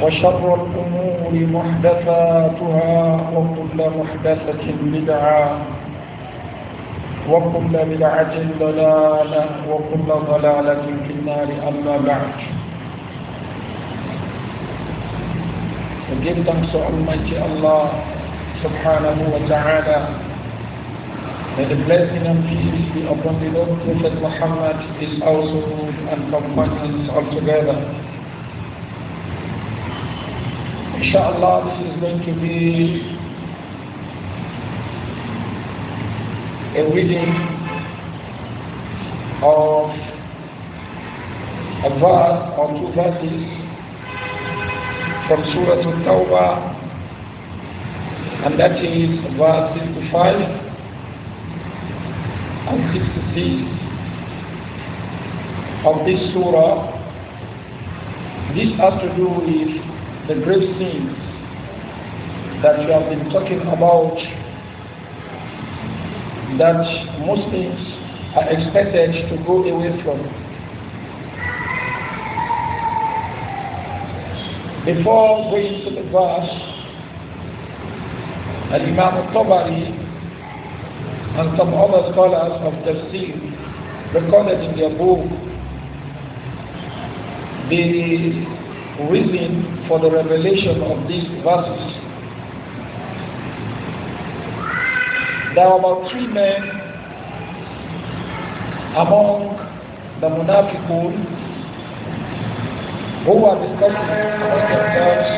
وشر الأمور محدثاتها وكل محدثة بدعة وكل بدعة ضلالة وكل ضلالة في النار أما بعد فجلتم سؤال الله سبحانه وتعالى And the blessing and peace be upon the Lord Prophet Muhammad, his household and companions altogether. Inshallah, this is going to be a reading of a verse or two verses from Surah Al-Tawbah, and that is verse 65 and 66 of this surah. This has to do with the great things that we have been talking about that Muslims are expected to go away from. Before going to the verse, and imam al-Tabari and some other scholars of Tafsir recorded in their book the reason for the revelation of these verses. There were about three men among the Munafiqun who were discussing among themselves.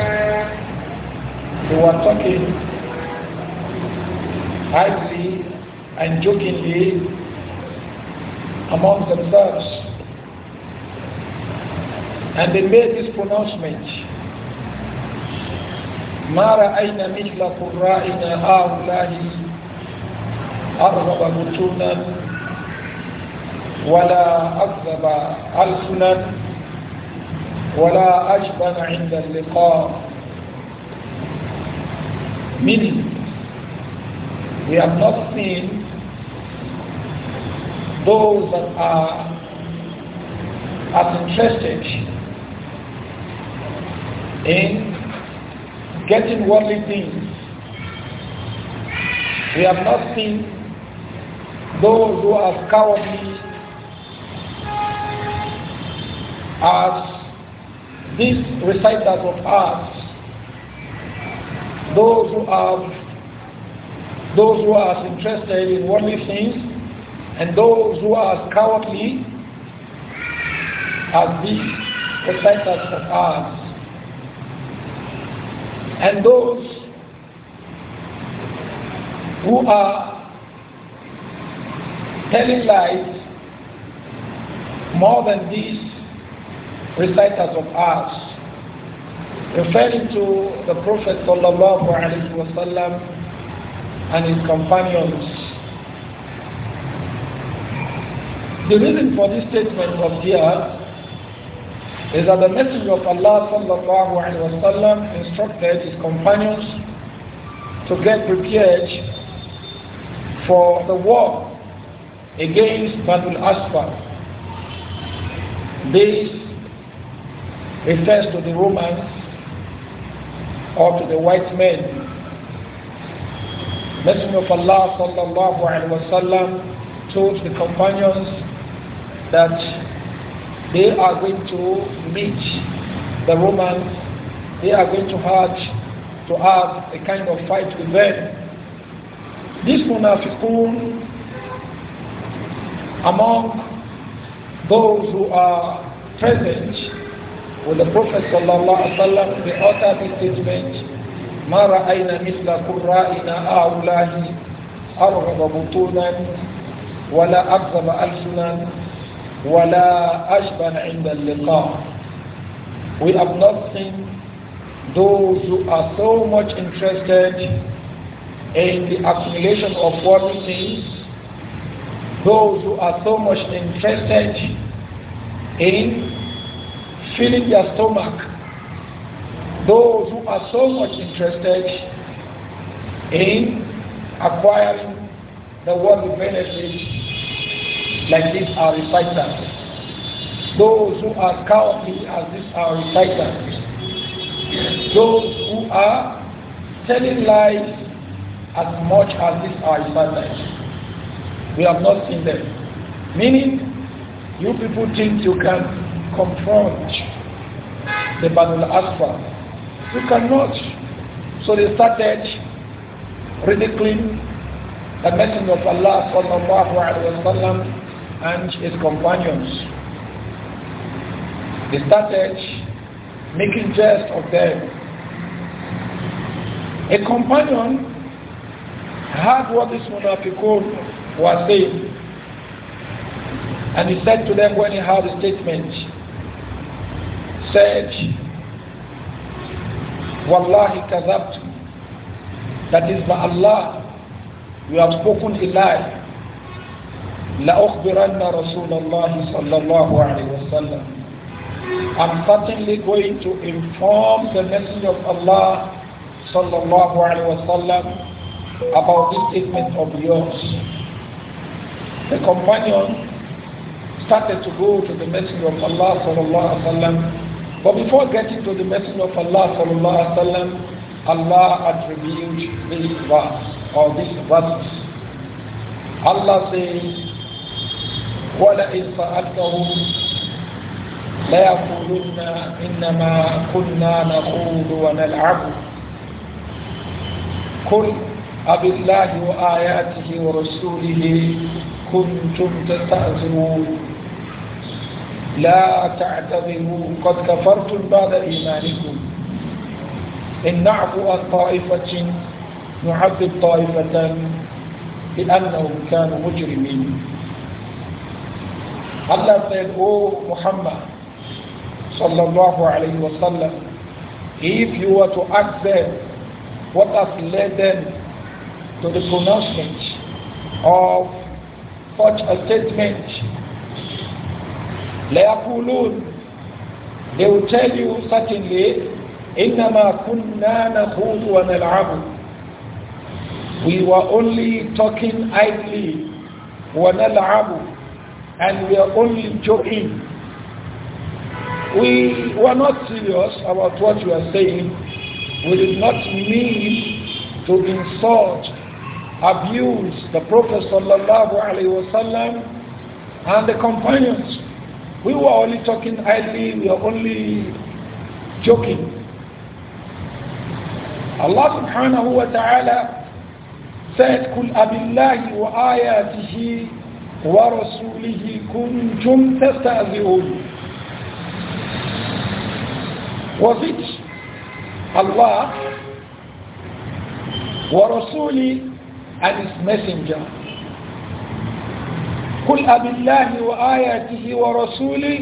They were talking idly and jokingly among themselves. And they made this pronouncement. "Mar'a رأينا مثل قرائنا هؤلاء أرغب بطونا ولا أكذب ألسنا ولا أجبن عند اللقاء من We have not seen those that are as interested in getting worldly things. We have not seen those who are cowardly as these reciters of arts, those who are those who are interested in worldly things and those who are cowardly as these reciters of arts and those who are telling lies more than these reciters of ours, referring to the Prophet wasallam and his companions. The reason for this statement was here is that the Messenger of Allah sallallahu wa wasallam instructed his companions to get prepared for the war against Badul Asfar. This refers to the Romans or to the white men. Messenger of Allah sallallahu wa wasallam told the companions that they are going to meet the Romans. They are going to have to have a kind of fight with them. This munafiqun among those who are present with the Prophet sallallahu the author of his statement, ما رأينا مثل قرائنا هؤلاء أرغب بطونا ولا أكذب ألسنا وَلَا عِنْدَ اللِّقَاءِ We have not seen those who are so much interested in the accumulation of what we see, those who are so much interested in filling their stomach, those who are so much interested in acquiring the worldly benefits like this are reciters. Those who are cowardly as these are reciters. Those who are telling lies as much as these are reciters. We have not seen them. Meaning, you people think you can confront the Banul Asfa. You cannot. So they started ridiculing the Messenger of Allah sallallahu alaihi wasallam and his companions. They started making jest of them. A companion heard what this Munafiqun was saying and he said to them when he heard the statement, said, Wallahi kazabtu. That is by Allah, you have spoken a lie. رسول الله صلى الله عليه وسلم I'm certainly going to inform the Messenger of Allah sallallahu alayhi wasallam, about this statement of yours. The companion started to go to the Messenger of Allah sallallahu alayhi wasallam, but before getting to the Messenger of Allah sallallahu alayhi wasallam, Allah attributed this verse or these verses. Allah says ولئن سألتهم ليقولن إنما كنا نخوض ونلعب قل أبالله وآياته ورسوله كنتم تستهزئون لا تعتذروا قد كفرتم بعد إيمانكم إن نعفو عن طائفة نعذب طائفة بأنهم كانوا مجرمين Allah said, O Muhammad, sallallahu alayhi wa if you were to ask them what has led them to the pronouncement of such a statement, ليقولون they will tell you certainly إنما كنا نخوض ونلعب we were only talking idly ونلعب and we are only joking. We were not serious about what we are saying. We did not mean to insult, abuse the Prophet wasallam and the companions. We were only talking idly, we were only joking. Allah subhanahu wa ta'ala said, abillahi wa وَآيَاتِهِ ورسوله كنتم تستهزئون Was it Allah ورسوله and his messenger قل أبالله وآياته ورسوله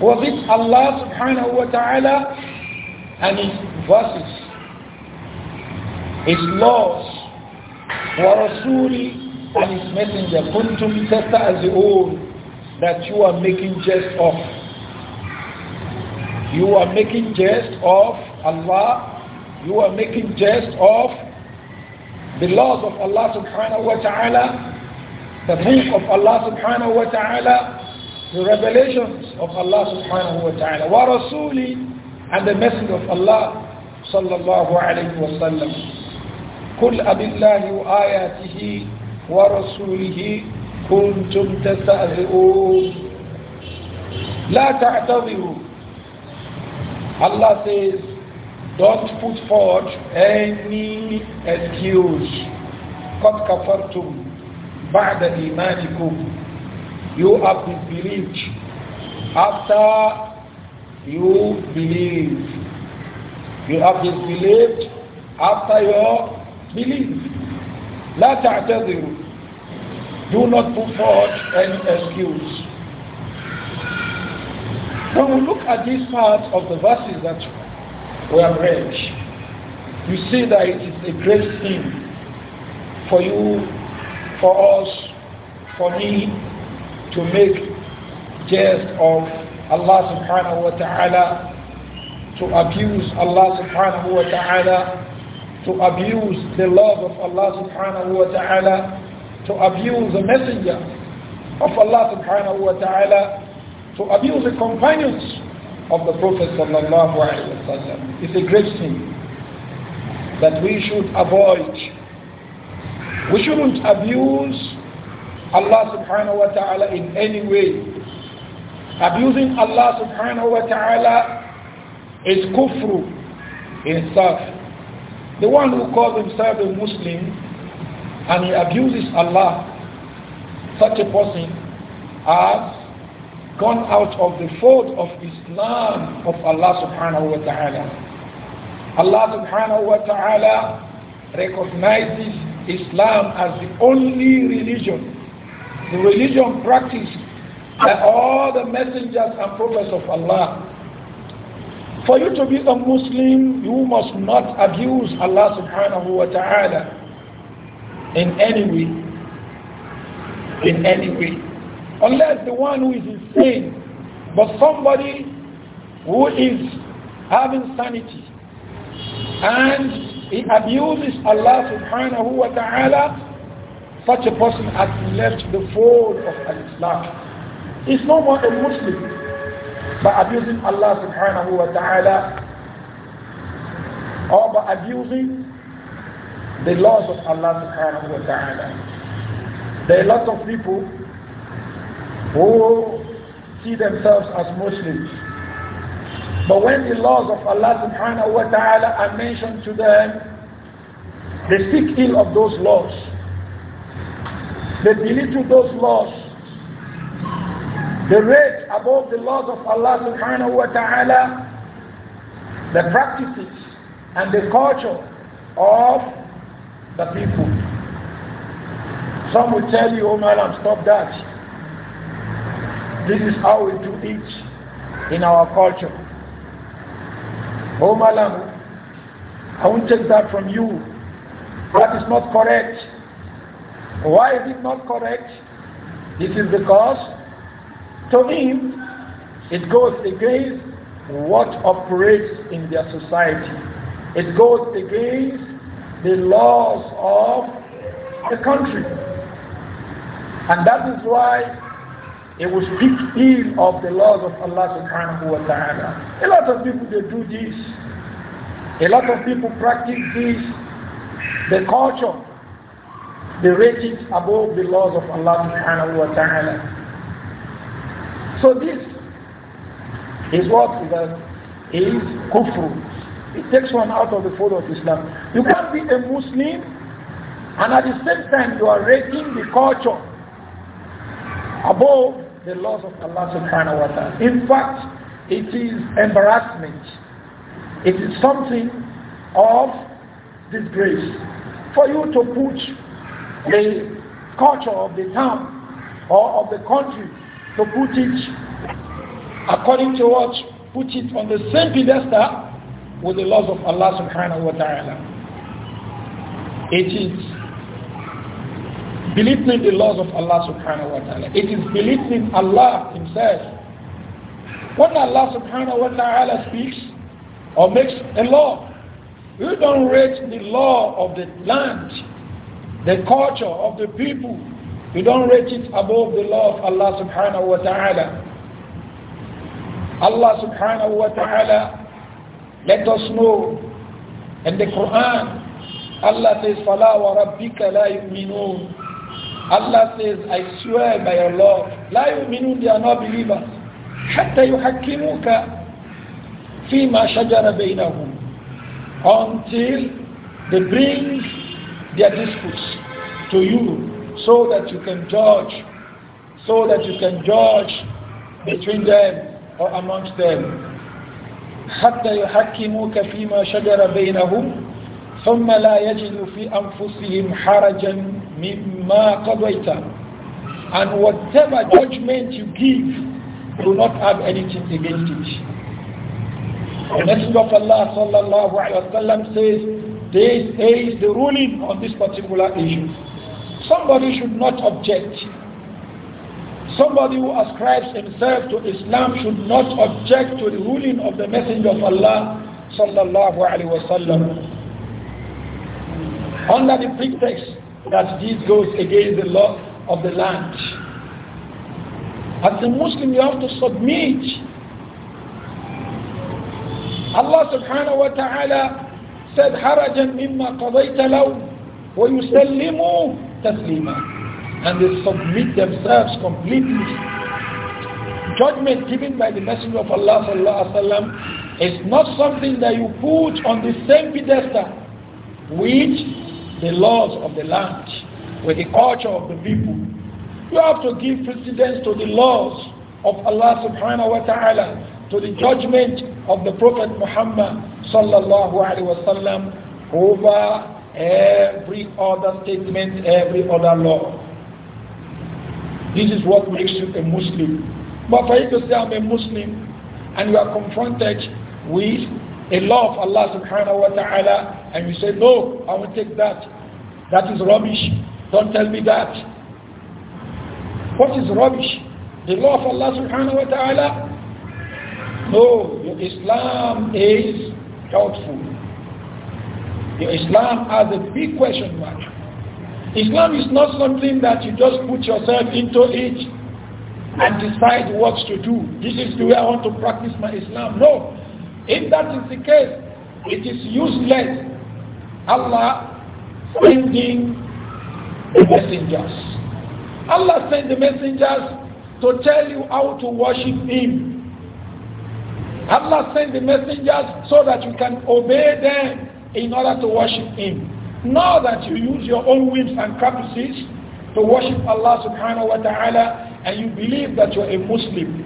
Was it Allah subhanahu wa ta'ala and his verses his laws ورسوله and his messenger, kuntum tasta'zi'un, that you are making jest of. You are making jest of Allah. You are making jest of the laws of Allah subhanahu wa ta'ala, the book of Allah subhanahu wa ta'ala, the revelations of Allah subhanahu wa ta'ala. Wa rasuli and the message of Allah sallallahu alayhi wa sallam. قل أب الله وآياته ورسوله كنتم تستهزئون لا تعتذروا Allah says don't put forward any excuse قد كفرتم بعد إيمانكم you have disbelieved after you believe you have disbelieved after your belief لا تعتذروا do not put forward any excuse when we look at this part of the verses that we have read you see that it is a great thing for you for us for me to make jest of Allah subhanahu wa ta'ala to abuse Allah subhanahu wa ta'ala to abuse the love of Allah subhanahu wa ta'ala, to abuse the messenger of Allah subhanahu wa ta'ala, to abuse the companions of the Prophet sallallahu alaihi wasallam It's a great sin that we should avoid. We shouldn't abuse Allah subhanahu wa ta'ala in any way. Abusing Allah subhanahu wa ta'ala is kufru in itself. The one who calls himself a Muslim and he abuses Allah, such a person has gone out of the fold of Islam of Allah subhanahu wa ta'ala. Allah subhanahu wa ta'ala recognizes Islam as the only religion, the religion practiced by all the messengers and prophets of Allah for you to be a Muslim, you must not abuse Allah subhanahu wa ta'ala in any way. In any way. Unless the one who is insane, but somebody who is having sanity and he abuses Allah subhanahu wa ta'ala, such a person has left the fold of Islam. He's no more a Muslim by abusing Allah subhanahu wa ta'ala or by abusing the laws of Allah subhanahu wa ta'ala. There are a lot of people who see themselves as Muslims. But when the laws of Allah subhanahu wa ta'ala are mentioned to them, they speak ill of those laws. They belittle those laws the rate above the laws of Allah subhanahu wa ta'ala, the practices and the culture of the people. Some will tell you, oh madam, stop that. This is how we do it in our culture. Oh madam, I won't take that from you. That is not correct. Why is it not correct? This is because to me, it goes against what operates in their society. It goes against the laws of the country. And that is why it will speak ill of the laws of Allah subhanahu wa ta'ala. A lot of people they do this. A lot of people practice this. The culture, the ratings above the laws of Allah subhanahu wa ta'ala. So this is what that is kufru. It takes one out of the fold of Islam. You can't be a Muslim and at the same time you are raising the culture above the laws of Allah subhanahu wa ta'ala. In fact, it is embarrassment. It is something of disgrace. For you to put the culture of the town or of the country to put it according to what? Put it on the same pedestal with the laws of Allah subhanahu wa ta'ala. It is believing the laws of Allah subhanahu wa ta'ala. It is believing Allah himself. When Allah subhanahu wa ta'ala speaks or makes a law, you don't read the law of the land, the culture of the people, you don't rate it above the law of Allah subhanahu wa ta'ala. Allah subhanahu wa ta'ala let us know in the Quran Allah says فَلَا وَرَبِّكَ لَا yuminun." Allah says I swear by your law لا يؤمنون they are not believers حتى يحكموك فيما شجر بينهم until they bring their disputes to you so that you can judge, so that you can judge between them or amongst them. حتى يحكموك فيما شجر بينهم ثم لا يجدوا في أنفسهم حرجا مما قضيت and whatever judgment you give do not have anything against it the Messenger of Allah صلى الله عليه وسلم says this is the ruling on this particular issue somebody should not object. Somebody who ascribes himself to Islam should not object to the ruling of the Messenger of Allah sallallahu alaihi wasallam. Under the pretext that this goes against the law of the land. As a Muslim, you have to submit. Allah subhanahu wa ta'ala said, حَرَجًا مِمَّا قَضَيْتَ لَوْ وَيُسَلِّمُوا taslima. And they submit themselves completely. Judgment given by the Messenger of Allah sallallahu alaihi wasallam is not something that you put on the same pedestal with the laws of the land, with the culture of the people. You have to give precedence to the laws of Allah subhanahu wa ta'ala, to the judgment of the Prophet Muhammad sallallahu alaihi wasallam over every other statement, every other law. This is what makes you a Muslim. But for you to say I'm a Muslim and you are confronted with a law of Allah subhanahu wa ta'ala and you say, no, I will take that. That is rubbish. Don't tell me that. What is rubbish? The law of Allah subhanahu wa ta'ala? No, Islam is doubtful. Your Islam has a big question mark. Islam is not something that you just put yourself into it and decide what to do. This is the way I want to practice my Islam. No. If that is the case, it is useless. Allah sending the messengers. Allah sent the messengers to tell you how to worship Him. Allah sent the messengers so that you can obey them in order to worship Him. Now that you use your own whims and caprices to worship Allah subhanahu wa ta'ala and you believe that you're a Muslim.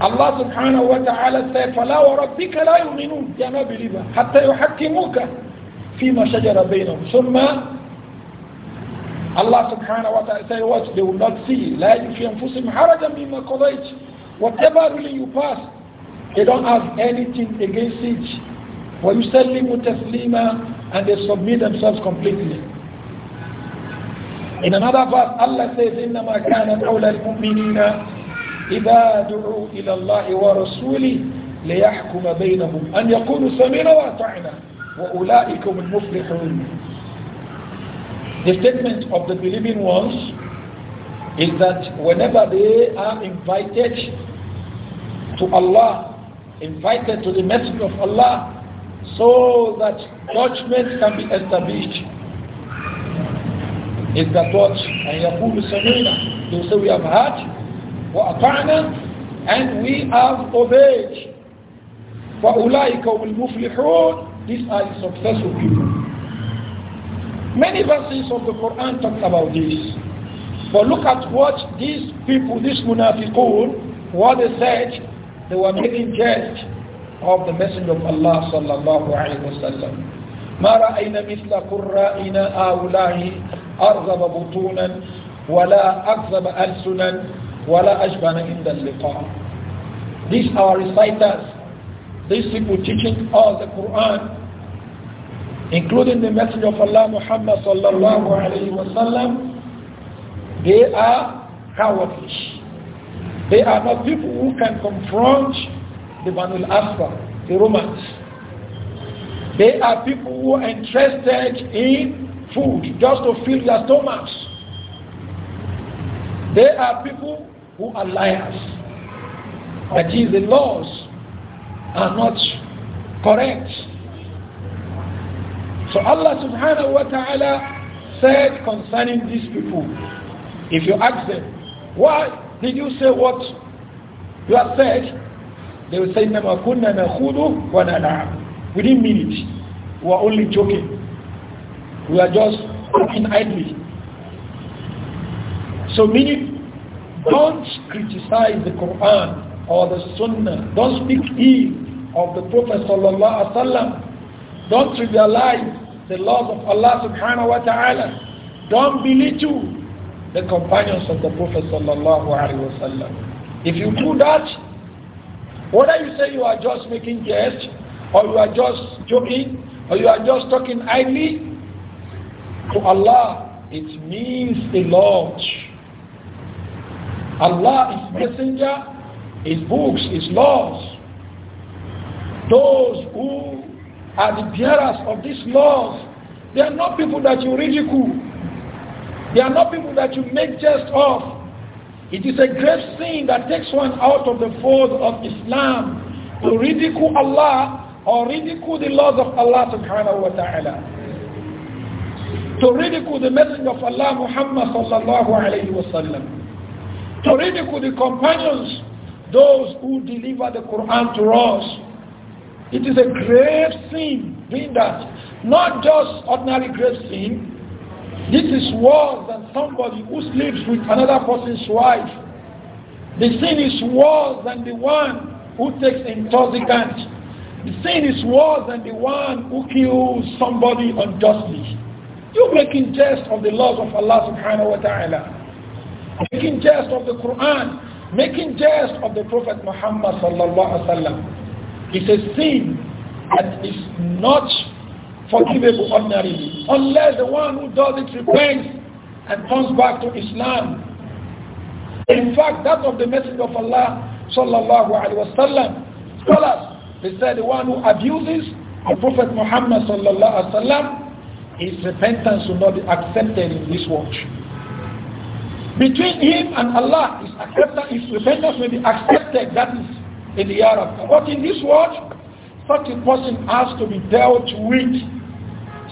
Allah subhanahu wa ta'ala said, فَلَا وَرَبِّكَ لَا يُؤْمِنُونَ They are not believers. حَتَّى يُحَكِّمُوكَ فِي مَا شَجَرَ بَيْنَهُمْ ثُمَّ Allah subhanahu wa ta'ala said what? They will not see. لَا يُفِي أَنفُسِهِمْ حَرَجًا مِمَّا قَضَيْتِ Whatever ruling really you pass, they don't have anything against it وَيُسَلِّمُ تَسْلِيمًا And they submit themselves completely. In another verse, Allah says, إِنَّمَا كَانَتْ أَوْلَى الْمُؤْمِنِينَ إِذَا دُعُوا إِلَى اللَّهِ وَرَسُولِهِ ليحكم بينهم أن يكونوا سمينا وأطعنا وأولئك هم المفلحون The statement of the believing ones is that whenever they are invited to Allah, invited to the message of Allah, so that judgment can be established. Is that what? And Yaqub Samina. You say we have heard, wa ata'na, and we have obeyed. For ulaika will muflihun. These are the successful people. Many verses of the Quran talk about this. But look at what these people, these munafiqun, what they said, they were making jest of the Messenger of Allah sallallahu alayhi wa sallam. ما رأينا مثل قرائنا هؤلاء أرغب بطونا ولا أكذب ألسنا ولا أجبن اللقاء. These are reciters. These people teaching us the Quran including the Messenger of Allah Muhammad sallallahu alayhi wasallam, they are cowardly. They are not people who can confront the Banu Asfa, the Romans. They are people who are interested in food just to fill their stomachs. They are people who are liars. That is, the laws are not correct. So Allah subhanahu wa ta'ala said concerning these people, if you ask them, why did you say what you have said? They will say, إِنَّمَا كُنَّا نَخُوذُ وَنَلَعَبُ We didn't mean it. We are only joking. We are just talking idly. So meaning, don't criticize the Quran or the Sunnah. Don't speak ill of the Prophet sallallahu alaihi wasallam. Don't trivialize the laws of Allah subhanahu wa ta'ala. Don't belittle the companions of the Prophet sallallahu alaihi wasallam. If you do that, whether you say you are just making jest, or you are just joking, or you are just talking idly, to Allah it means a lot. Allah, is messenger, His books, His laws. Those who are the bearers of these laws, they are not people that you ridicule. They are not people that you make jest of. It is a grave sin that takes one out of the fold of Islam to ridicule Allah or ridicule the laws of Allah subhanahu wa ta'ala. To ridicule the Messenger of Allah Muhammad sallallahu alayhi wa sallam. To ridicule the companions, those who deliver the Quran to us. It is a grave sin being that. Not just ordinary grave sin, this is worse than somebody who sleeps with another person's wife. The sin is worse than the one who takes intoxicant. The sin is worse than the one who kills somebody unjustly. You're making jest of the laws of Allah subhanahu wa ta'ala. Making jest of the Quran. Making jest of the Prophet Muhammad sallallahu alaihi wasallam. It's a sin that is not forgivable ordinarily, unless the one who does it repents and comes back to Islam. In fact, that of the message of Allah, sallallahu alaihi wasallam, scholars, they say the one who abuses the Prophet Muhammad sallallahu alaihi wasallam, his repentance will not be accepted in this world. Between him and Allah, his acceptance, his repentance may be accepted. That is in the hereafter. But in this world, such a person has to be dealt with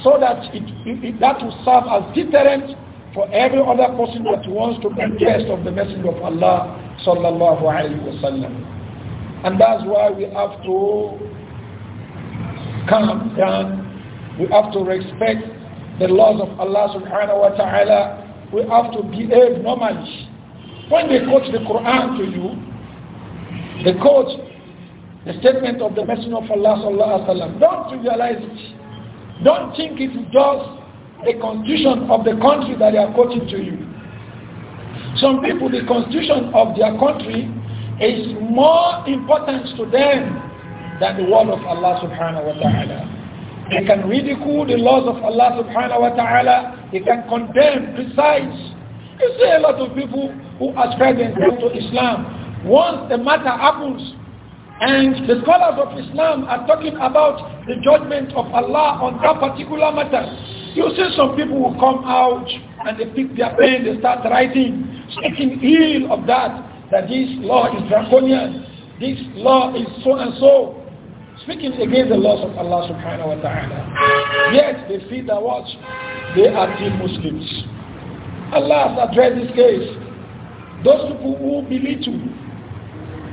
so that it, it, it, that will serve as deterrent for every other person that wants to be guest of the Messenger of Allah sallallahu wa wasallam. And that's why we have to calm down. We have to respect the laws of Allah subhanahu wa ta'ala. We have to behave normally. When they quote the Quran to you, they quote the statement of the Messenger of Allah sallallahu wa wasallam. Don't trivialize it. Don't think it is just a constitution of the country that they are quoting to you. Some people, the constitution of their country is more important to them than the word of Allah subhanahu wa ta'ala. They can ridicule the laws of Allah subhanahu wa ta'ala. They can condemn, criticize. You see a lot of people who ascribe themselves to Islam. Once the matter happens, and the scholars of Islam are talking about the judgment of Allah on that particular matter. You see some people will come out and they pick their pen, they start writing, speaking ill of that, that this law is draconian, this law is so and so, speaking against the laws of Allah subhanahu wa ta'ala. Yet they feed their watch, They are still Muslims. Allah has addressed this case. Those people who believe belittle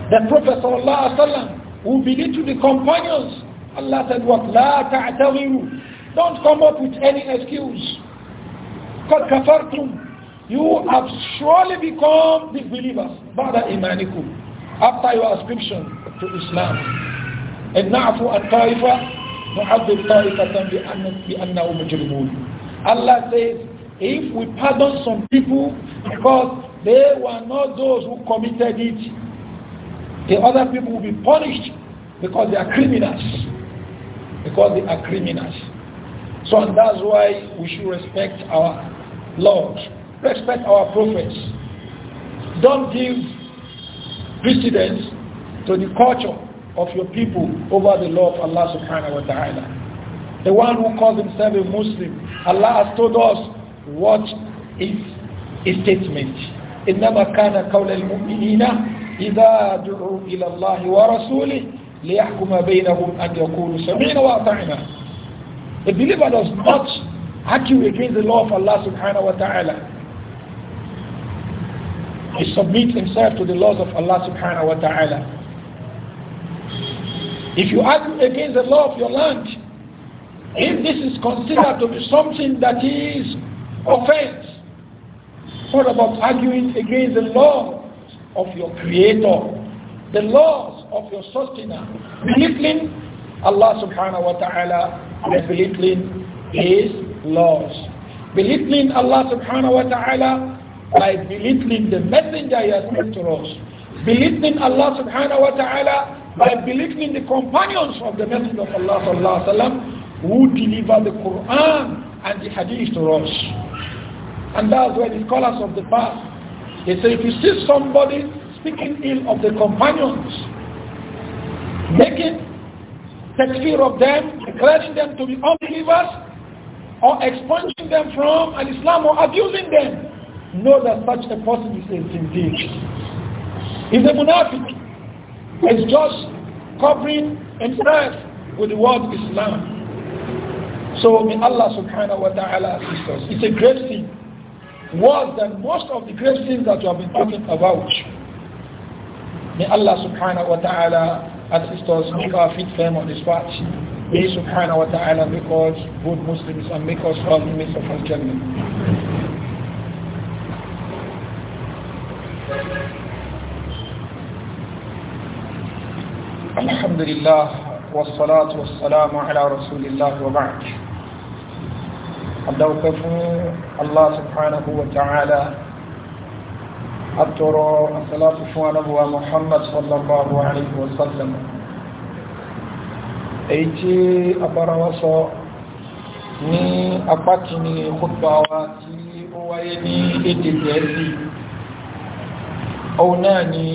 the Prophet ﷺ who to the companions, Allah said, what? لَا تَعْتَغِرُوا Don't come up with any excuse. قَدْ You have surely become disbelievers. Ba'da imanikum After your ascription to Islam. And نَعْفُ الطَّائِفَةِ نُعَذِّبْ طَائِفَةً بِأَنَّهُ مُجْرِمُونَ Allah says, if we pardon some people because they were not those who committed it, the other people will be punished because they are criminals. Because they are criminals. So and that's why we should respect our laws, Respect our prophets. Don't give precedence to the culture of your people over the law of Allah subhanahu wa ta'ala. The one who calls himself a Muslim, Allah has told us what is his statement. إنما كان قول المؤمنين إذا دعوا إلى الله ورسوله ليحكم بينهم أن يقولوا سمعنا وأطعنا A believer does not argue against the law of Allah subhanahu wa ta'ala. He submits himself to the laws of Allah subhanahu wa ta'ala. If you argue against the law of your land, if this is considered to be something that is offense, what about arguing against the law of your creator, the laws of your sustainer. Belittling Allah subhanahu wa ta'ala and belittling his laws. Belittling Allah subhanahu wa ta'ala by belittling the messenger he has sent to us. Belittling Allah subhanahu wa ta'ala by belittling the companions of the messenger of Allah sallallahu wa wasallam who deliver the Quran and the hadith to us. And that's why the scholars of the past he said, if you see somebody speaking ill of the companions, making fear of them, declaring them to be unbelievers, or expunging them from an Islam or abusing them, know that such a person is a zindiq. He's a munafiq. It's just covering himself with the word Islam. So may Allah subhanahu wa ta'ala assist us. It's a great thing worse than most of the great things that we have been talking about. May Allah subhanahu wa ta'ala assist us, make our feet firm on this path. May subhanahu wa ta'ala make us good Muslims and make us all inmates of our children. الحمد لله والصلاة والسلام على رسول الله وبعد adáwọ̀pẹ́ fún Allah subhanahu wa ta'ala atọrọ asalatu fún anabuwa Muhammad sallallahu Alaihi wa sallam èyí tí abarawa sọ ní apá kìíní kútbà wa tí ó wáyé ní èdè gẹ̀ẹ́sì òun náà ni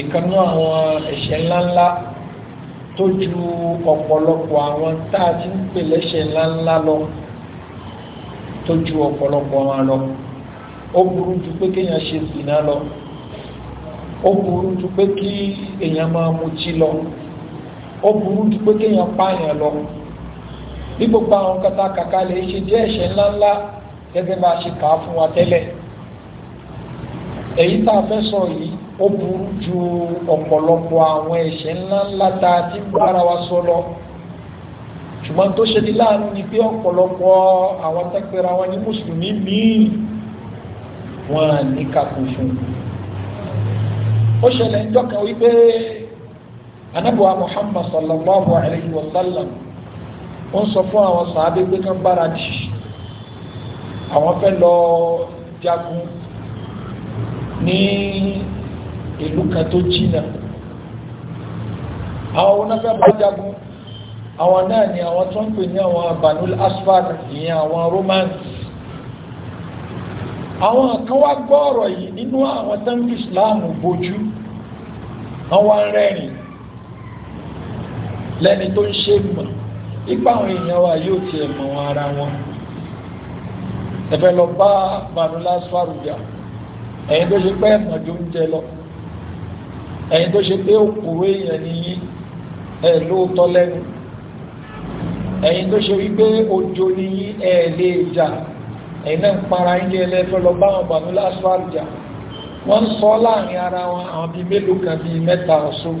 ìkanú àwọn ẹ̀ṣẹ̀ ńláńlá tó ju ọ̀pọ̀lọpọ̀ àwọn tá ti ń pè lẹ́ṣẹ̀ ńláńlá lọ. tó ju ọ̀pọ̀lọpọ̀ wọn lọ ó burú ju pé kéèyàn ṣe zìnà lọ ó burú ju pé kí èèyàn lọ ó burú ju pé kéèyàn pààyàn lọ bí gbogbo àwọn kata kàkà lè ṣe jẹ́ ẹ̀ṣẹ̀ ńláńlá gẹ́gẹ́ bá a ṣe kà á fún wa tẹ́lẹ̀ èyí tá a fẹ́ sọ yìí ó burú ju ọ̀pọ̀lọpọ̀ ṣùgbọ́n tó ṣe ní láàánú ni pé ọ̀pọ̀lọpọ̀ àwọn tẹ́pẹ̀rẹ̀ àwọn ní mùsùlùmí míì wọ́n ní kàkó fún ó ṣẹlẹ̀ ń dọ́kan wípé anábọ̀wá Muhammad sallallahu alayhi wa sallam ó ń sọ fún àwọn sàábé pé kán bára jì àwọn fẹ́ lọ jagun ní ìlú kan tó jìnnà àwọn onáfẹ́ bá jagun àwọn náà ni àwọn tó ń pè ní àwọn banul asfar ìyẹn àwọn romans àwọn kan wá gbọ́ ọ̀rọ̀ yìí nínú àwọn tó ń fi islam bójú àwọn rẹ́rìn lẹ́ni tó ń ṣe mọ̀ ipa àwọn èèyàn wa yóò tiẹ̀ mọ̀ wọn ara wọn ẹ̀fẹ̀ lọ bá banul asfar jà ẹ̀yin tó ṣe pé ẹ̀mọ̀ ń jẹ lọ ẹ̀yin tó ṣe pé òkúrò èèyàn ni yín ẹ̀ lóòótọ́ lẹ́nu ẹ̀yin tó ṣe wípé òjò ní ẹ̀ lè jà ẹ̀yin náà ń para ilé ẹlẹ́fẹ́ lọ bá wọn bànú lásfàl jà wọ́n sọ láàrin ara wọn àwọn bíi mélòó kan bíi mẹ́ta ọ̀ṣọ́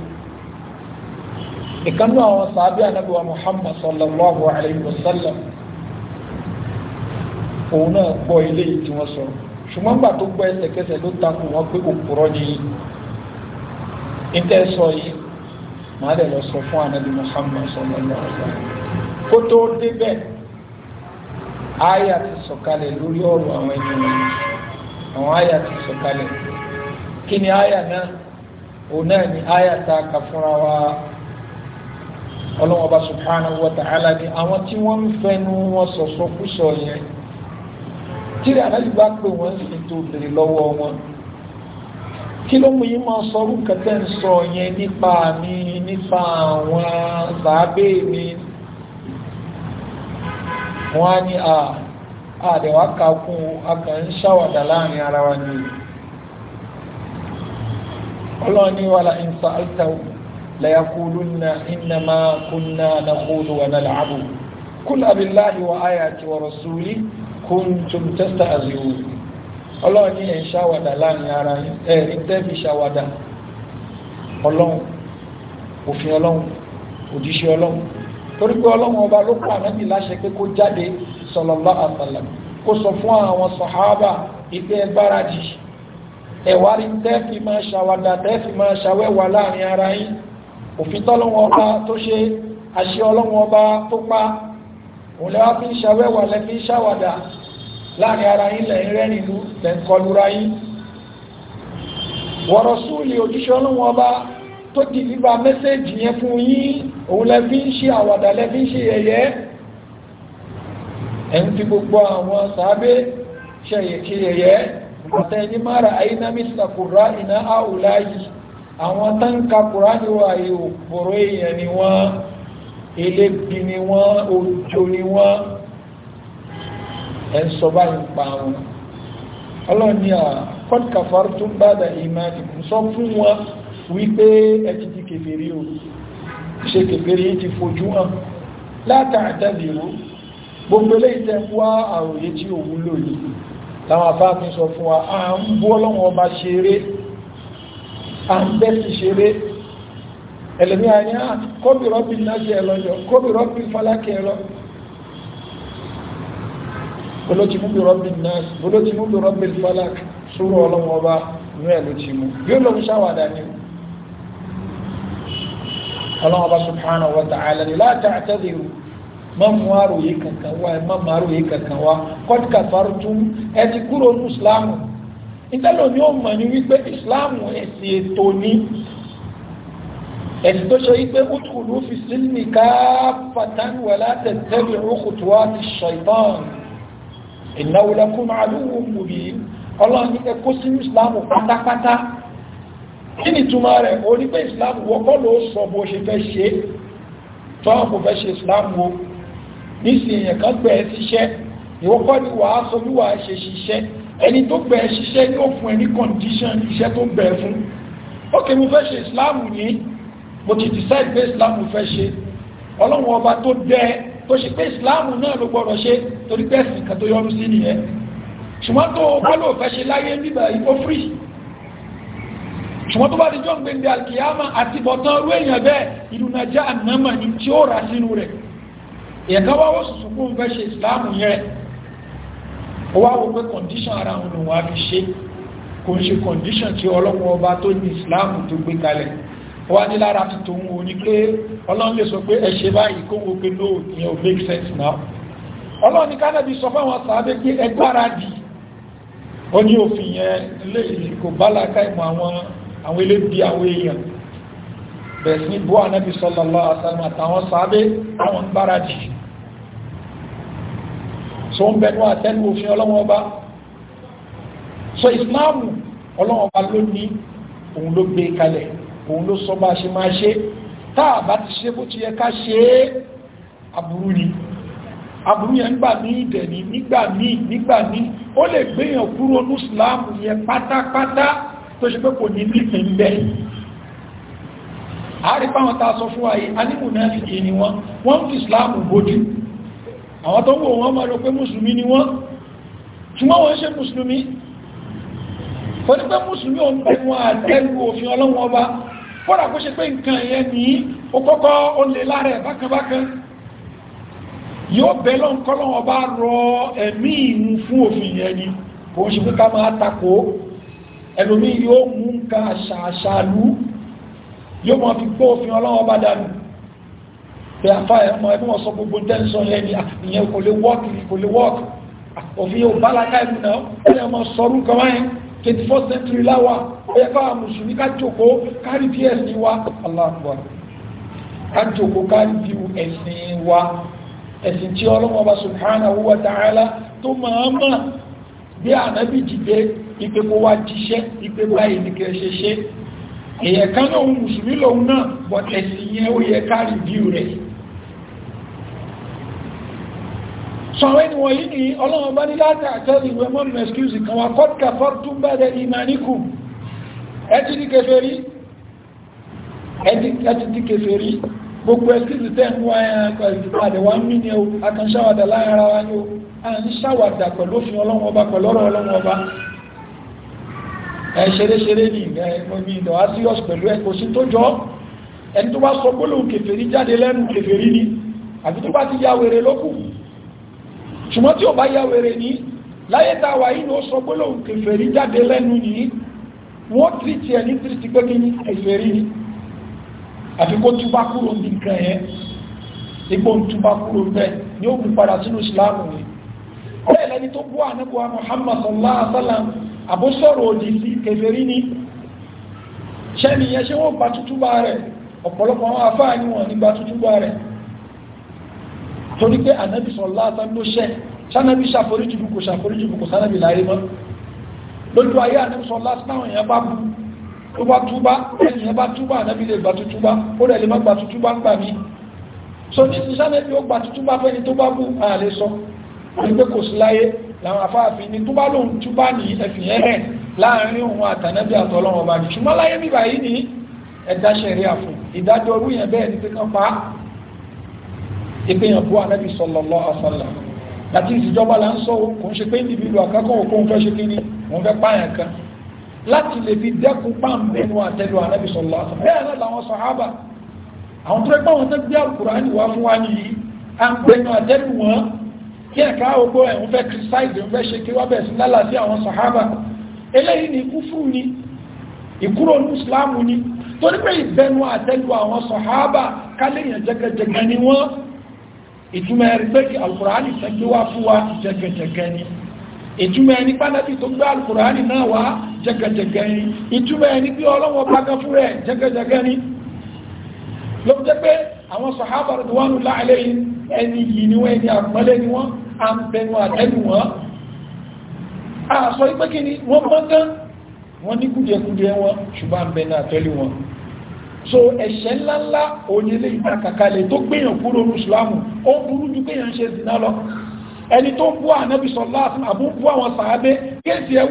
ìkànnú àwọn sàábí anábíwá Muhammad sallallahu alayhi wa sallam òun náà gbọ́ ilé yìí tí wọ́n sọ ṣùgbọ́n gbà tó gbọ́ ẹsẹ̀kẹsẹ̀ ló takò wọ́n pé òpùrọ́ ni yìí ní tẹ́ sọ yìí màá dẹ̀ lọ sọ fún anábí Muhammad sallallahu alayhi wa sallam kó tó débẹ̀ àyà ti sọ̀kalẹ̀ lórí ọ̀rọ̀ àwọn ènìyàn àwọn àyà ti sọ̀kalẹ̀ kí ni àyà náà òun náà ni àyà tá a kà fúnra wa ọlọ́mọba subhanahu wa ta'ala ni àwọn tí wọ́n ń fẹnu wọn sọ̀sọ́kúsọ yẹn tíri àlàyé bá pè wọ́n sì tó bèrè lọ́wọ́ wọn kí ló mú yín máa sọ orúkọ tẹ́ ń sọ yẹn nípa mi nípa àwọn sàábé mi wọ́n á ní à àdẹ̀wà kakún akàn ń ṣàwàdà láàrin ara wa ní ọlọ́run ní wàhálà ìsọ àìsàwò layakulunna innama kunna nakhudu wa nal'abu kul abillahi wa ayati wa rasuli kuntum tastahzi'un ọlọ́run ní ẹ̀ ń láàrin ara ẹ̀ ń tẹ́bi ọlọ́run òfin ọlọ́run òjíṣẹ́ ọlọ́run torí pé ọlọ́run ọba ló pa ànábì láṣẹ pé kó jáde sallallahu alaihi wasallam kó sọ fún àwọn sàhábà ìgbẹ́ gbáradì ẹ̀wà rí tẹ́ẹ̀fì máa ṣàwàdà tẹ́ẹ̀fì máa ṣàwẹ́wà láàrin ara yín òfin tọ́lọ́wọ́ ọba tó ṣe àṣẹ ọlọ́wọ́ ọba tó pa òun lẹ́wà fi ń ṣàwẹ́wà lẹ́fí ń ṣàwàdà láàrin ara yín lẹ́yìn rẹ́rìn ìlú lẹ́ńkọlura yín wọ̀rọ̀ súùlì òjíṣẹ́ ọlọ́wọ́ ọba tó dìlíbà mẹ́sẹ̀jì yẹn fún yín òun lẹ́fí ń ṣe àwàdà lẹ́fí ń ṣe ẹ̀yẹ́ ẹ̀yìn tí gbogbo àwọn sàábé ṣe ẹ̀yẹ́ àtẹ̀yìn mara àyínàmísà kùrá iná àwùlá yìí àwọn táǹkà kùrá ní wà yìí òpòrò èèyàn ni wọ́n elébi ni wọ́n òjò wípé ẹ̀tí ti kèfèrí o ṣe kèfèrí ti fojú hàn látàtàbìrú gbogbo ilé ìtẹ́fúwá àròyé tí ò wúlò yìí láwọn afá mi sọ fún wa a ń bú ọlọ́wọ́n ọba ṣeré a ń bẹ́ sí ṣeré ẹlẹ́mí àyá kọ́bìrọ́bì náà jẹ́ ẹlọ́jọ́ kọ́bìrọ́bì falákẹ́ ẹlọ́ bolótimú bí rọ́bì náà bolótimú bí rọ́bì falákẹ́ sórò ọlọ́wọ́n ọba ní ẹ̀lú ti mú yóò lọ́wọ́ sáwàdà ni o ọlọ́wọ́ba subhanahu wa ta'ala ni láti àtẹ́lẹ̀ mọ́mú àròyé kankan wá ẹ mọ́mú àròyé kankan wá kọ́díkà farutun ẹ ti kúrò ní ìsìláàmù ìtẹ́lẹ̀ ni ó mọ̀ ní wípé ìsìláàmù ẹ̀sìn ètò ní ẹ̀sìn tó ṣe wípé ó tún lù fi sílmì káfàtàn wà láti tẹ́lẹ̀ òkùtù wá ti ṣaitan innahu lakum aduwwun mubin ọlọ́run ní ẹkọ́ sínú ìsìláàmù pátápátá kí ni túnmà rẹ̀ o ní pé islam wọ́kọ́ ló sọ bó ṣe fẹ́ ṣe tọ́wọ́n kò fẹ́ ṣe islam wo nísìnyẹ̀ kan gbẹ̀ ẹ́ ṣiṣẹ́ ìwọ́kọ́ ni wàá sọ bí wàá ṣe ṣiṣẹ́ ẹni tó gbẹ̀ ẹ́ ṣiṣẹ́ ní ó fún ẹni condition iṣẹ́ tó gbẹ̀ fún ókè mo fẹ́ ṣe islam yìí mo ti decide pé islam fẹ́ ṣe ọlọ́run ọba tó dẹ́ tó ṣe pé islam náà ló gbọ́dọ̀ ṣe torí pé ẹ̀sìn kan tó yọrù sí nìyẹn ṣùgbọ́n tó o bá fẹ́ ṣe láyé nígbà ìkó free ṣùgbọ́n tó bá di john gbende alkiyama àti bọ̀tán orú èèyàn bẹ́ẹ̀ ìlú nàíjà ànámà ni tí ó rà sínú rẹ̀ ìyẹ̀káwá ó sùsù fún fẹ́ ṣe ìsìláàmù yẹn ó wá wọ pé kọ̀ndíṣàn ara òun lòun á fi ṣe kò ń ṣe kọ̀ndíṣàn tí ọlọ́pọ̀ ọba tó ní ìsìláàmù tó gbé kalẹ̀ wá ní lára ti tòun òní pé ọlọ́run lè sọ pé ẹ báyìí kó wo pé no ìyẹn ò make sense now ọlọ́run ní kánàbí sọ fáwọn sàábé pé ẹgbára dì ó ní òfin yẹn lè kò bá lákàìmọ̀ àwọn àwọn ilé bí àwọn èèyàn bẹ̀rẹ̀ sí bú ànábì sallallahu alaihi wasallam àtàwọn sáábé àwọn ń bára jì so ń bẹnu àtẹ́lú òfin ọlọ́wọ́n ọba so ìsìláàmù ọlọ́wọ́n ọba ló ní òun ló gbé kalẹ̀ òun ló sọ bá ṣe máa ṣe táà bá ti ṣe bó ti yẹ ká ṣe é aburú ni aburú yẹn nígbà ní ìdẹ̀ ni nígbà ní nígbà ní ó lè gbéyàn kúrò ní ìsìláàmù yẹn pátápátá tó ṣe pé kò ní nífin bẹ́ẹ̀ àárí fáwọn tá a sọ fún wa yìí anímù náà fi kìí ni wọ́n wọ́n fi islamu bójú àwọn tó wò wọ́n máa lọ pé mùsùlùmí ni wọ́n túnmọ́ wọ́n ṣe mùsùlùmí kò ní pé mùsùlùmí ò ń pè wọn àtẹ́lú òfin ọlọ́wọ́n ọba fọ́nà kó ṣe pé nǹkan ẹ̀yẹ ní ó kọ́kọ́ ó bákanbákan yóò bẹ lọ́nkọ́lọ́wọ́n ọba rọ ẹlòmí yóò mú nǹkan àṣàṣàlú yóò mọ̀ fi kó òfin ọlọ́wọ́ bá dánù pé àfá ẹ̀mọ́ ẹ̀mọ́ ọ̀sọ́ gbogbo tẹ́lẹ̀sọ́ yẹn ni ìyẹn kò lè wọ́ọ̀kì kò lè wọ́ọ̀kì òfin yóò bá láká ìlú náà ẹ̀rẹ́ ọmọ sọrú kan wáyé 21st century láwà ó yẹ káwà mùsùlùmí ká jókòó kárí bí ẹ̀sìn wa aláàbọ̀ ká jókòó kárí bí ẹ̀sìn wa ẹ̀sìn tí ọlọ́mọba subhanahu wa ta'ala tó bí ànábì dìde ipe kó wá jíṣẹ́ ipe báyìí ní kẹ́ ṣe ṣe èyẹ kan náà mùsùlùmí lòun náà bọ̀tẹ̀ sí yẹn ó yẹ ká rìvíw rẹ̀ sọ̀rọ̀ ẹni wọ̀nyí ni ọlọ́run bá ní láti àtẹ́lì ìwé mọ́nù ẹ̀skúsì kan wà kọ́dùkà fọ́dùn bá dẹ̀ ìmáníkù ẹtì ní kẹfẹ́rí ẹtì ní kẹfẹ́rí gbogbo ẹ̀skúsì tẹ́ ń a ní ṣàwàdà pẹ̀lú òfin ọlọ́wọ́ ọba pẹ̀lú ọ̀rọ̀ ọlọ́wọ́ ọba ẹ ṣeréṣeré ní ìgbẹ́mí ìdọ̀wá serious pẹ̀lú ẹ̀kọ́ sí tó jọ ẹni tó bá sọ gbólóhùn kèfèrí jáde lẹ́nu kèfèrí ni àbí tó bá ti ya wèrè lókù ṣùgbọ́n tí ò bá ya wèrè ní láyé táwà yìí ó sọ gbólóhùn kèfèrí jáde lẹ́nu yìí wọ́n tìrìtì ẹni tìrìtì pé kí ní kèfèrí ni àfi kó túbá kúrò nìkan yẹn ipò ń túbá kúrò bẹ́ẹ̀ ni ó bẹ́ẹ̀ lẹ́ni tó bú ànábùwà Muhammad sallallahu alaihi wasallam àbúsọ̀rọ̀ òdì sí kèfèrí ni ṣẹ́ni yẹn ṣe wọ́n gba tútúbà rẹ̀ ọ̀pọ̀lọpọ̀ àwọn afáà ni wọ́n ní gba tútúbà rẹ̀ torí pé ànábì sallallahu alaihi wasallam ló ṣẹ́ sánábì ṣàforíjì kò ṣàforíjì kò sánábì láyé mọ́ lójú ayé ànábì sallallahu alaihi wasallam yẹn bá bú tó bá túbá ẹni yẹn bá túbá ànábì lè gba tútúbá ó rẹ̀ lè má gba tútúbá ń wípé kò sí láyé làwọn afáàfin ni tó bá lòun tó bá ní ẹ̀fìn ẹ̀rẹ̀ láàrin òun àtànẹ́bí àtọ́lọ́wọ́ bá ní ṣùgbọ́n láyé bíbá yìí ní ẹ̀dá ṣẹ̀rí àfún ìdájọ́ orú yẹn bẹ́ẹ̀ ni pé kán pa ìpéyàn bú ànábì sallallahu alaihi wasallam láti ìsìjọba là ń sọ kò ń ṣe pé individu àkákọ̀ òkú ń fẹ́ ṣe kíní kí ẹ̀ka ogbó ẹ̀hún fẹ́ criticize ẹ̀hún fẹ́ ṣe kí wọ́n bẹ̀ sí lálà sí àwọn sàhábà eléyìí ni ikú fún ni ìkúrò ní ìsìláàmù ni torí pé ìbẹnu àtẹ́lù àwọn sàhábà káléèyàn jẹgẹjẹgẹ ni wọ́n ìtumọ̀ ẹ̀rí pé kí alukùránì sẹ́kí àwọn sàhábà rẹ̀dùwánù láàrẹ̀ ẹni yìí ni wọ́n ẹni àpọ́lẹ̀ ni wọ́n a ń bẹnu àtẹ́lù wọ́n a sọ ipé kí ni wọ́n mọ́gán wọ́n ní kúdẹ̀kúdẹ̀ wọn ṣùgbọ́n a ń bẹnu àtẹ́lù wọn so ẹ̀ṣẹ̀ ńláńlá onílé ìtàkàkalẹ̀ tó gbéyàn kúrò lùsùlámù ó burú ju gbéyàn ṣe zìnà lọ ẹni tó bú ànábì sọ̀lá àbú bú àwọn sàábé kéèsì ẹ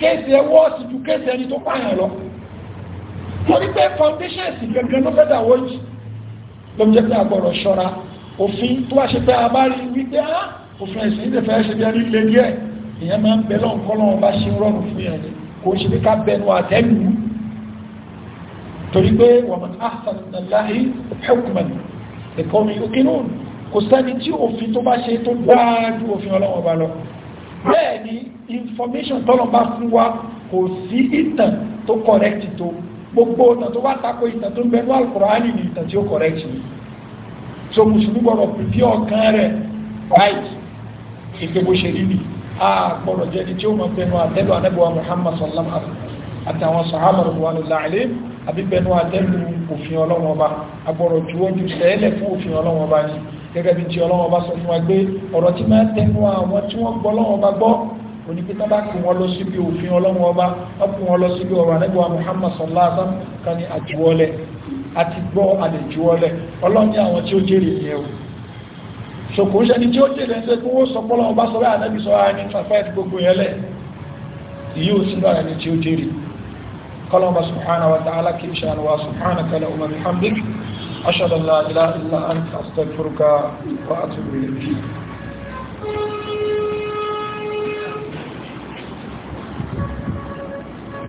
kéèsì ẹ wọ́ọ̀sì ju kéèsì ẹni tó pààyàn lọ torí pé foundation ẹ̀sìn gẹ̀gẹ̀ ló fẹ́dà wọ́ọ̀jì ló ń jẹ́ pé àgbọ̀rọ̀ ṣọ́ra òfin tó wá ṣe pé a bá rí wípé á ah, òfin ẹ̀sìn ilé fẹ́ ṣe bí ẹni lé díẹ̀ ìyẹn máa ń bẹ lọ́nkọ́lọ́wọ́n bá ṣe rọrùn fún yẹn kò ṣe pé ká bẹnu àtẹ́lù torí pé wọ́n mọ̀ ahsan nàláhì hukman ẹ̀kọ́ mi ni information tọ́lọ̀ bá fún wa kò sí ìtàn tó correct tó gbogbo ìtàn tó wá tako ìtàn tó ń bẹnu alukurani ní ìtàn tí ó correct ni so mùsùlùmí gbọ́dọ̀ pèpè ọkàn rẹ̀ right ìpè bó ṣe rí ni a gbọ́dọ̀ jẹ́ ni tí ó máa bẹnu muhammad sallam àtàwọn sahaba rẹ̀wánu láàlẹ́ àbí bẹnu àtẹ́lu òfin ọlọ́wọ́n ọba agbọ́dọ̀ ju ojú sẹ́ẹ̀lẹ̀ fún òfin ọlọ́wọ́n ọba ni gẹ́gẹ́ bí ti ọlọ́wọ́n ọba ọ̀rọ̀ tí máa tẹnu àwọn tí wọ́n gbọ́ ọlọ́wọ́n ọba gbọ́ òní pé tán bá kí wọn lọ síbi òfin ọlọ́run ọba wọ́n kí wọn lọ síbi ọ̀rọ̀ àdẹ́gbọ́ Muhammad sallallahu alaihi wasallam kan ní àjùwọ́lẹ̀ àti gbọ́ àdẹ̀jùwọ́lẹ̀ ọlọ́run ní àwọn tí ó jèrè yẹn o ṣòkò ṣe ni tí ó jèrè ń ṣe kí sọ pọ́lọ́run bá sọ bẹ́ẹ̀ ànábì sọ ara ní gbogbo yẹn lẹ̀ èyí ò sínú tí ó jèrè kọ́lọ́mà subhanahu wa ta'ala kì í ṣe àwọn subhanaka lahumma bihamdik ashhadu an la ilaha illa anta astaghfiruka wa atubu ilayk